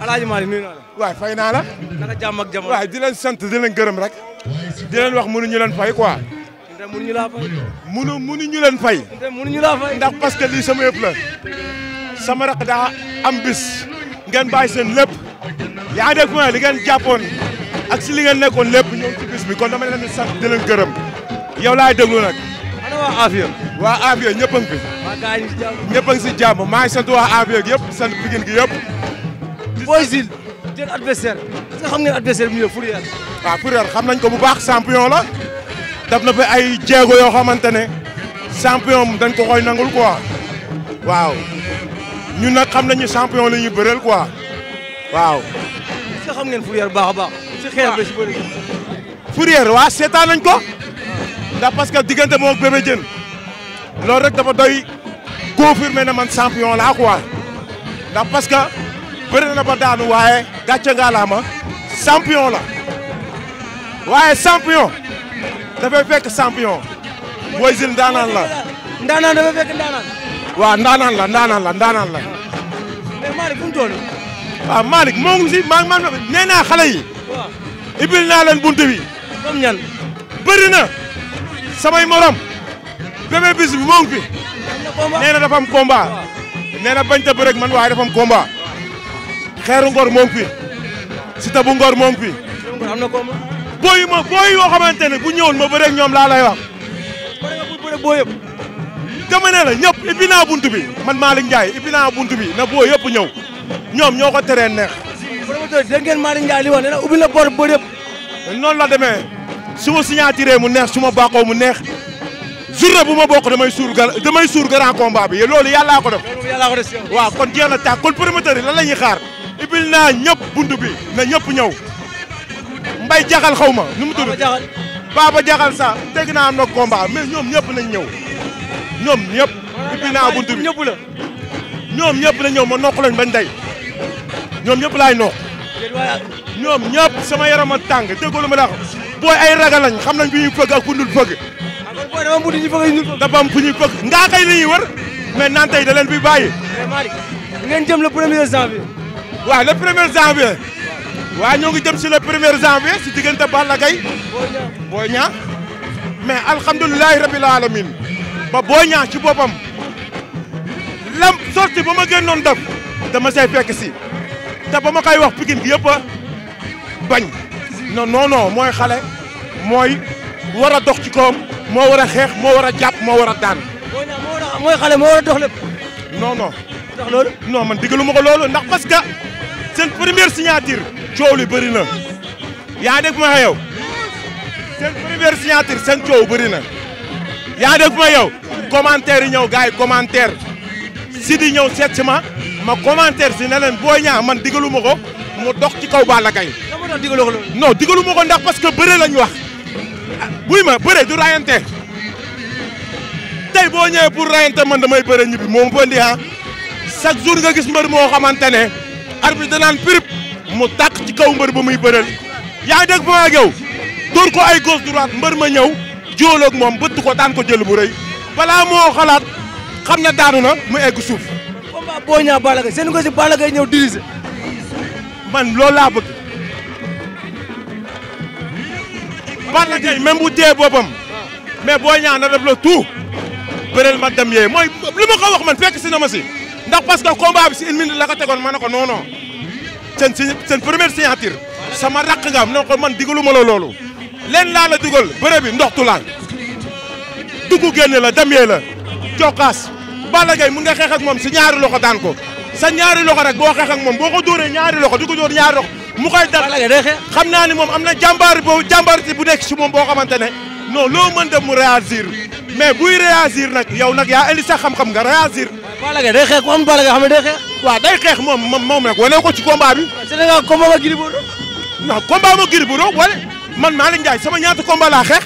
Alaaji Malick nuyu naa la. waay fay naa la. naka jàmm ak jamono waay di sant di leen gërëm rek. di leen wax mënuñu leen fay quoi. te mënuñu laa fay. mënu mënuñu leen fay. te mënuñu laa fay. ndax parce que lii sama yëpp la. sama daa am bis. ngen bàyyi seen lépp. yaa ngi dégg fu li ngeen jàppoon ak si li ngeen nekkoon lépp ñëw ci bis bi kon dama leen di sant di leen gërëm. yow laay déglu nag. ana waa Afia. waa Afia ñëpp a ngi fi. waa si jàmm maa ngi sant waa Afia gi yëpp sant Pikine gi yëpp Boy Zil seen adversaire est-ce xam ngeen adversaire bi ñu yor Fourrière. waaw Fourrière xam nañ ko bu baax champion la daf na fi ay jéego yoo xamante ne champion dañ ko koy nangul quoi waaw ñun nag xam nañu champion la ñuy bëreel quoi waaw. est xam ngeen Fourrière baax a baax. si xeex la si bëri. nañ ko. ndax parce que diggante moom ak Bébé loolu rek dafa doy confirmer na man champion laa quoi ndax bëri na ba daanu waaye gàcce ngaalaama la waaye champion dafay fekk champion Boy Jules ndaanaan la. ndaanaan dafay fekk ndaanaan. waaw ndaanaan la ndaanaan la ndaanaan la. mais Malick fu naa xale yi. waaw ibil na samay morom. Bébé Bismi moo ngi fi. nee na bañ ta bëre man waaye dafa am xeeru ngor moo ngi fi Siteu bu ngor moo ngi am na combat. booy yu ma booy yoo xamante ne bu ñëwul ma bëre ñoom laa lay wax. pare nga pour bëre la ñëpp ibbi naa buntu bi man Malick Ndiaye ibbi naa buntu bi na booy yëpp ñëw ñoom ñoo ko teree neex. promoteur dégg ngeen Malick li wax nee na ubbi na bor booy yëpp. noonu la demee su ma signaturé mu neex su ma bàqoo mu neex journée bu ma bokk damay suur gar damay suur grand combat bi loolu yàllaa ko def. loolu yàllaa ko def waaw kon jeex na tàkk kon yi la ñuy xaar. ubbil naa ñëpp buntu bi na ñëpp ñëw mbay jaxal xaw ma nu mu tudd baaba jaxal sa dégg naa am na combat mais ñoom ñëpp nañ ñëw ñoom ñëpp ubbil naa buntu la ñoom ñëpp na ñëw ma noq lañ bañ day ñoom ñëpp laay noq ñoom ñëpp sama yaram a tàng déggoo la booy ay ragal lañ xam nañ bi ñuy a ak ku dul fëgg ah, dafa am ngaa kay la wër mais naan tey da leen bi bàyyi ngeen jëm le premier waaw le premier janvier waaw ñoo ngi jëm si le premier janvier si diggante Balla Gaye Boy Niang mais alhamdulilahi rabil alamin ba Boy ci boppam lam sorti ba ma génnoon def dama say fekk si te ba ma kay wax pikin bi yëpp bañ non non mooy xale mooy war a dox ci koom moo war a xeex moo war a jàpp moo war a daan mooy xale moo war a dox lépp non ndax loolu non man digalu ma ko loolu ndax parce que seen première signature coow li bëri na yaa dégg ma yow seen première signature seen coow bëri na yaa dégg ma yow commentaire yi ñëw gars yi commentaire si di ñëw seet si ma ma commentaire si ne leen booy ñaa man digalu ma ko mu dox ci kaw Balla Gaye non digalu ma ko ndax parce que bëre lañ wax buy ma bëre du rayante tey boo ñëwee pour rayante man damay ñibbi moom bo ndi chaque jour nga gis mbër moo xamante ne arbitre danaan prip mu tàq ci kaw mbër ba muy bëreel yaa dégg ma ak yow dóor ko ay gauche droite mbër ma ñëw jóoloog moom bëtt ko daan ko jël bu rëy balaa moo xalaat xam ne daanu na mu egg suuf. combat boo ñaa Balla Gaye seen si Balla ñëw dirigé. man loolu laa bëgg. Balla Gaye même bu dee boppam. mais boo ñaa na def la tout. bëreel ma dem yee mooy li ma ko wax man fekk si na ma si. ndax parce que combat bi si une minute la tegoon ma ne ko non non seen si seen première signature sama rakk nga am na ko man digaluma la loolu len laa la digal bëre bi ndoxtu laal dugg génne la damyee la cokkaas Balla Gaye nga xeex ak moom si ñaari loxo daan ko sa ñaari loxo rek boo xeex ak moom boo ko dóoree ñaari loxo di ko dóor ñaari loxo mu koy dal xam naa ni moom am na jàmbaar boobu jàmbaarti bu nekk si moom boo xamante ne non loo mën def mu réagir mais buy réagir nag yow nag yaa indi sa xam nga réagir Balla Gaye day xeex ku am Balla Gaye xam ne day xeex. waaw day xeex moom moom nag ko ci combat bi. waaw Sénégal combat ma Gris Bordeaux. non combat ma Gris Bordeaux wala man Malick Ndiaye sama ñaata combat laa xeex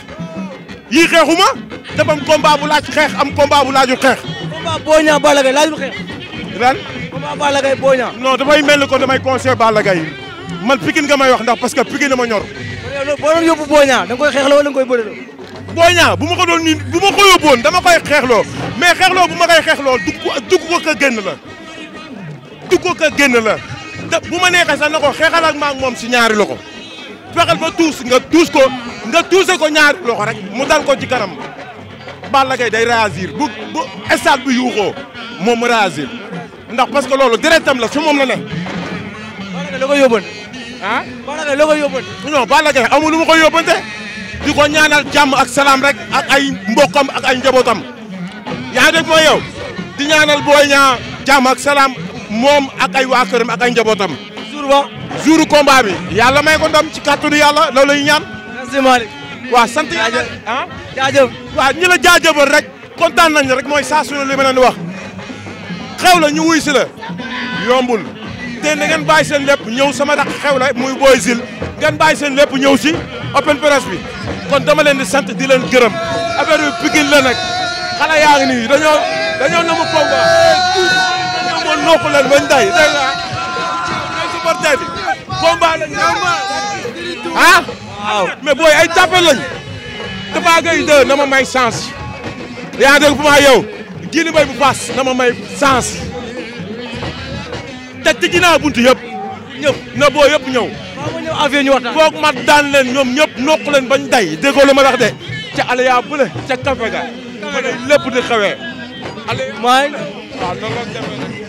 yii xeexuma dafa am bu laaj xeex am combat bu laajul xeex. combat Boy Niang Balla Gaye laajul xeex. lan. combat Balla Gaye Boy Niang. non dafay mel ni ko damay conseil Balla Gaye man Pikine nga may wax ndax parce que Pikine ma ñor. boo doon koy xeex la wala da nga boo ñaa bu ma ko doon nii bu ma ko yóbboon dama koy xeexloo mais xeexloo bu ma koy xeexloo dugg ko dugg ko ka génn la dugg ko ka génn la te bu ma neexee sax na ko xeexal ak maag moom si ñaari loxo fexeel ba tuus nga tuus ko nga tuuse ko ñaari loxo rek mu dal ko ci kanam Balla Gaye day réagir bu bu stade bi yuuxoo moom mu ndax parce que loolu deretam la su moom la ne. Balla Gaye ko yóbboon. a Balla Gaye la ko yóbboon. non Balla Gaye di ko ñaanal jàmm ak salaam rek ak ay mbokkam ak ay njabootam yaa dégg mooy yow di ñaanal Boy ak salaam moom ak ay waa këram ak ay njabootam. jour ba jouru combat bi. yàlla may ko ci kàttanu yàlla loolu la ñu ñaan. merci Malick. waaw sant yàlla ah jaajëf waaw ñi la jaajëfal rek kontaan nañ rek mooy saa su ne li ma leen wax xew ñu wuy si la yombul. te na ngeen bàyyi seen lépp ñëw sama daq xew la muy Boy Jules ngeen bàyyi seen lépp ñëw si open press bi kon dama leen di sant di leen gërëm affaire bi Pikine la nag xale yaa ngi nii dañoo dañoo namu combat dañoo moon nopp leen bañ day dégg nga ñoo supporter bi combat ah? booy ay tàppal lañ dafa gay dë na ma may chance yaa dégg fu ma yow gii ni bay bu na ma may chance te tijji naa buntu yëpp. ñëpp na boo yëpp ñëw. a ma ñëw affaire ñu waxtaan. foog ma daan leen ñoom ñëpp nokku leen bañ day déggoo lu ma wax de. ca Aliya bu le ca Kafe ga. lépp di xawee. Aliya waaw noonu la demee